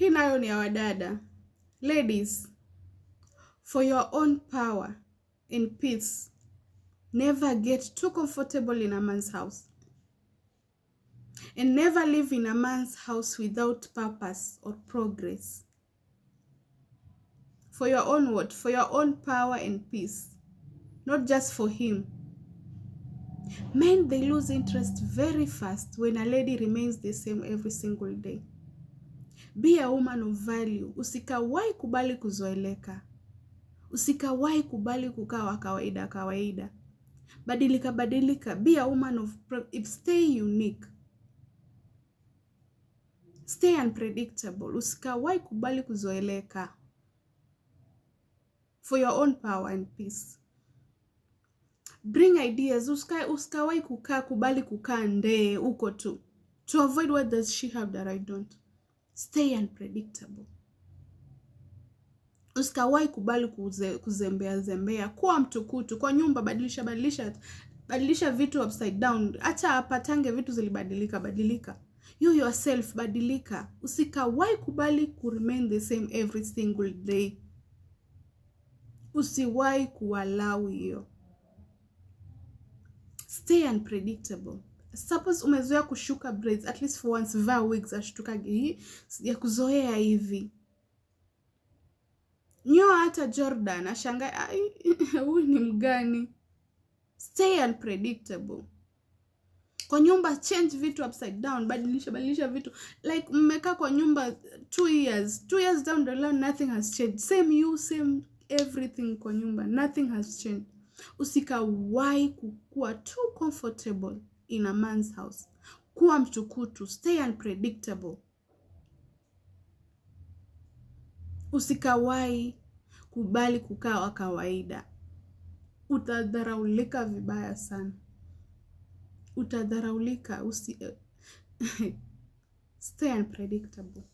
Hii nayo ni ya wadada. Ladies, for your own power in peace, never get too comfortable in a man's house and never live in a man's house without purpose or progress. For your own what? For your own power and peace, not just for him. Men, they lose interest very fast when a lady remains the same every single day. Be a woman of value. Usikawahi kubali kuzoeleka. Usikawahi kubali kukaa wa kawaida kawaida. Badilika badilika. Be a woman of stay unique. Stay unpredictable. Usikawahi kubali kuzoeleka. For your own power and peace. Bring ideas. Usikawahi kukaa kubali kukaa ndee uko tu. To avoid what does she have that I don't stay unpredictable. Usikawahi kubali kuze, kuzembea zembea, kuwa mtukutu kwa nyumba, badilisha badilisha badilisha vitu upside down. Hata apatange vitu zilibadilika badilika. You yourself badilika, usikawahi kubali ku remain the same every single day. Usiwahi kuwalau hiyo. Stay unpredictable suppose umezoea kushuka braids, at least for once vaa wigs, ashtukage hii ya kuzoea hivi. Nyoa hata Jordan ashangaa huyu ni mgani? Stay unpredictable. Kwa nyumba change vitu upside down, badilisha badilisha vitu like mmekaa kwa nyumba two years, two years down the line nothing has changed, same you same everything kwa nyumba, nothing has changed. usikawai kukua too comfortable in a man's house. Kuwa mtukutu, stay unpredictable. Usikawai kubali kukaa wa kawaida, utadharaulika vibaya sana, utadharaulika usi... stay unpredictable.